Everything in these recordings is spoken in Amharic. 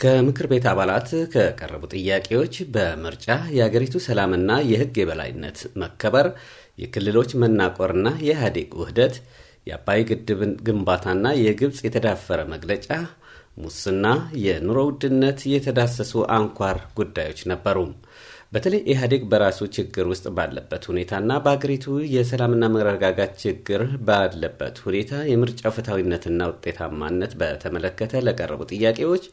ከምክር ቤት አባላት ከቀረቡ ጥያቄዎች በምርጫ የአገሪቱ ሰላምና የሕግ የበላይነት መከበር፣ የክልሎች መናቆርና የኢህአዴግ ውህደት፣ የአባይ ግድብን ግንባታና የግብፅ የተዳፈረ መግለጫ፣ ሙስና፣ የኑሮ ውድነት የተዳሰሱ አንኳር ጉዳዮች ነበሩ። በተለይ ኢህአዴግ በራሱ ችግር ውስጥ ባለበት ሁኔታና በአገሪቱ የሰላምና መረጋጋት ችግር ባለበት ሁኔታ የምርጫው ፍትሐዊነትና ውጤታማነት በተመለከተ ለቀረቡ ጥያቄዎች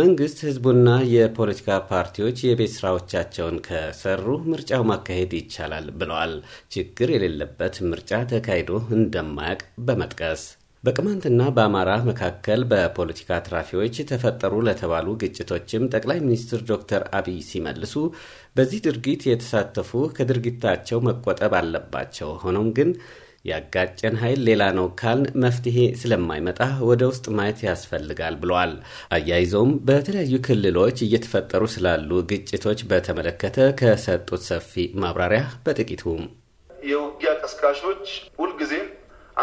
መንግስት ህዝቡና የፖለቲካ ፓርቲዎች የቤት ስራዎቻቸውን ከሰሩ ምርጫው ማካሄድ ይቻላል ብለዋል። ችግር የሌለበት ምርጫ ተካሂዶ እንደማያውቅ በመጥቀስ በቅማንትና በአማራ መካከል በፖለቲካ አትራፊዎች ተፈጠሩ ለተባሉ ግጭቶችም ጠቅላይ ሚኒስትር ዶክተር አብይ ሲመልሱ በዚህ ድርጊት የተሳተፉ ከድርጊታቸው መቆጠብ አለባቸው ሆኖም ግን ያጋጨን ኃይል ሌላ ነው ካልን መፍትሄ ስለማይመጣ ወደ ውስጥ ማየት ያስፈልጋል ብለዋል። አያይዘውም በተለያዩ ክልሎች እየተፈጠሩ ስላሉ ግጭቶች በተመለከተ ከሰጡት ሰፊ ማብራሪያ በጥቂቱ የውጊያ ቀስቃሾች ሁልጊዜም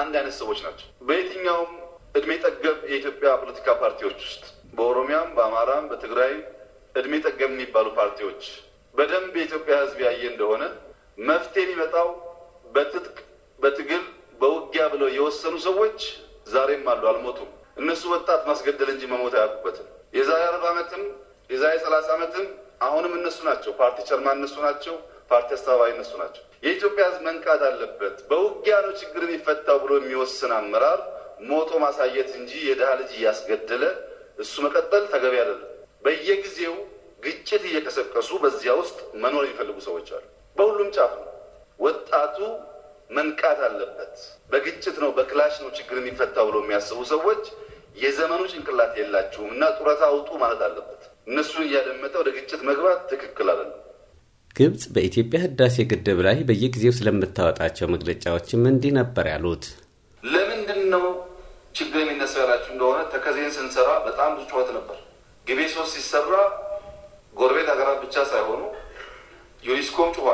አንድ አይነት ሰዎች ናቸው። በየትኛውም እድሜ ጠገብ የኢትዮጵያ ፖለቲካ ፓርቲዎች ውስጥ በኦሮሚያም፣ በአማራም፣ በትግራይ እድሜ ጠገብ የሚባሉ ፓርቲዎች በደንብ የኢትዮጵያ ሕዝብ ያየ እንደሆነ መፍትሄ የሚመጣው በትጥቅ በትግል በውጊያ ብለው የወሰኑ ሰዎች ዛሬም አሉ፣ አልሞቱም። እነሱ ወጣት ማስገደል እንጂ መሞት አያውቁበትም። የዛሬ አርባ ዓመትም የዛሬ ሰላሳ ዓመትም አሁንም እነሱ ናቸው። ፓርቲ ቸርማን እነሱ ናቸው። ፓርቲ አስተባባሪ እነሱ ናቸው። የኢትዮጵያ ሕዝብ መንቃት አለበት። በውጊያ ነው ችግር የሚፈታው ብሎ የሚወስን አመራር ሞቶ ማሳየት እንጂ የድሃ ልጅ እያስገደለ እሱ መቀጠል ተገቢ አይደለም። በየጊዜው ግጭት እየቀሰቀሱ በዚያ ውስጥ መኖር የሚፈልጉ ሰዎች አሉ። በሁሉም ጫፍ ነው ወጣቱ መንቃት አለበት። በግጭት ነው በክላሽ ነው ችግር የሚፈታ ብሎ የሚያስቡ ሰዎች የዘመኑ ጭንቅላት የላችሁም እና ጡረታ አውጡ ማለት አለበት። እነሱን እያደመጠ ወደ ግጭት መግባት ትክክል አለ። ግብፅ በኢትዮጵያ ህዳሴ ግድብ ላይ በየጊዜው ስለምታወጣቸው መግለጫዎችም እንዲህ ነበር ያሉት። ለምንድን ነው ችግር የሚነሳው ያላችሁ እንደሆነ ተከዜን ስንሰራ በጣም ብዙ ጩኸት ነበር። ግቤ ሶስት ሲሰራ ጎረቤት ሀገራት ብቻ ሳይሆኑ ዩኒስኮም ጩኸ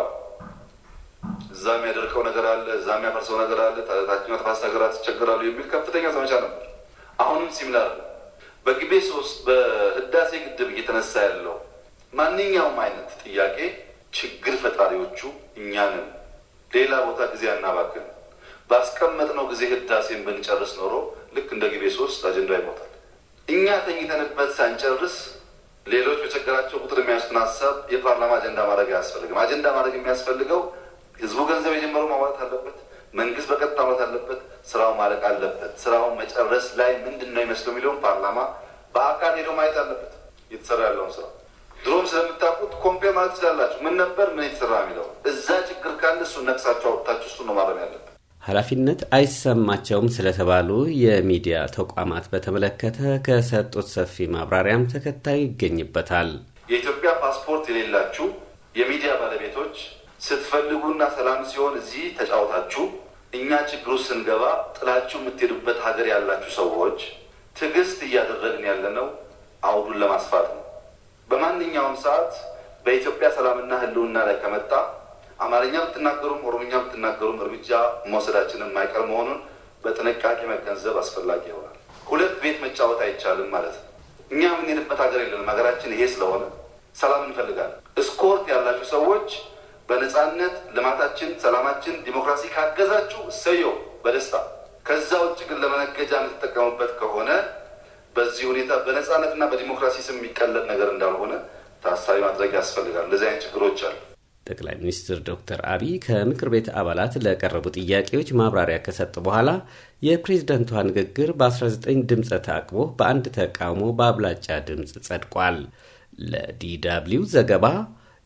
እዛ የሚያደርቀው ነገር አለ፣ እዛ የሚያፈርሰው ነገር አለ፣ ታችኛው ተፋሰስ ሀገራት ይቸግራሉ የሚል ከፍተኛ ዘመቻ ነበር። አሁንም ሲሚላር ነው። በግቤ ሶስት በህዳሴ ግድብ እየተነሳ ያለው ማንኛውም አይነት ጥያቄ ችግር ፈጣሪዎቹ እኛንን ሌላ ቦታ ጊዜ አናባክን። ባስቀመጥነው ጊዜ ህዳሴን ብንጨርስ ኖሮ ልክ እንደ ግቤ ሶስት አጀንዳ ይሞታል። እኛ ተኝተንበት ሳንጨርስ ሌሎች በቸገራቸው ቁጥር የሚያሱትን ሀሳብ የፓርላማ አጀንዳ ማድረግ አያስፈልግም። አጀንዳ ማድረግ የሚያስፈልገው ህዝቡ ገንዘብ የጀመረው ማውራት አለበት። መንግስት በቀጥታ ማለት አለበት። ስራው ማለቅ አለበት። ስራውን መጨረስ ላይ ምንድን ነው ይመስለው የሚለውን ፓርላማ በአካል ሄዶ ማየት አለበት። እየተሰራ ያለውን ስራ ድሮም ስለምታውቁት ኮምፔር ማለት ትችላላችሁ። ምን ነበር ምን የተሰራ የሚለው እዛ ችግር ካለ እሱ ነቅሳቸው አውጥታችሁ እሱ ነው ማረም ያለበት። ኃላፊነት አይሰማቸውም ስለተባሉ የሚዲያ ተቋማት በተመለከተ ከሰጡት ሰፊ ማብራሪያም ተከታዩ ይገኝበታል። የኢትዮጵያ ፓስፖርት የሌላችሁ የሚዲያ ባለቤቶች ስትፈልጉና ሰላም ሲሆን እዚህ ተጫውታችሁ እኛ ችግሩ ስንገባ ጥላችሁ የምትሄዱበት ሀገር ያላችሁ ሰዎች ትዕግስት እያደረግን ያለነው አውዱን ለማስፋት ነው። በማንኛውም ሰዓት በኢትዮጵያ ሰላምና ሕልውና ላይ ከመጣ አማርኛ ብትናገሩም ኦሮምኛ ብትናገሩም እርምጃ መውሰዳችን የማይቀር መሆኑን በጥንቃቄ መገንዘብ አስፈላጊ ይሆናል። ሁለት ቤት መጫወት አይቻልም ማለት ነው። እኛ የምንሄድበት ሀገር የለንም። ሀገራችን ይሄ ስለሆነ ሰላም እንፈልጋለን። እስኮርት ያላችሁ ሰዎች በነጻነት ልማታችን፣ ሰላማችን፣ ዲሞክራሲ ካገዛችሁ ሰየው በደስታ ከዛ ውጭ ግን ለመነገጃ የምትጠቀሙበት ከሆነ በዚህ ሁኔታ በነጻነትና በዲሞክራሲ ስም የሚቀለል ነገር እንዳልሆነ ታሳቢ ማድረግ ያስፈልጋል። እንደዚህ አይነት ችግሮች አሉ። ጠቅላይ ሚኒስትር ዶክተር አብይ ከምክር ቤት አባላት ለቀረቡ ጥያቄዎች ማብራሪያ ከሰጡ በኋላ የፕሬዝደንቷ ንግግር በ19 ድምፀ ተቅቦ በአንድ ተቃውሞ በአብላጫ ድምፅ ጸድቋል። ለዲ ደብልዩ ዘገባ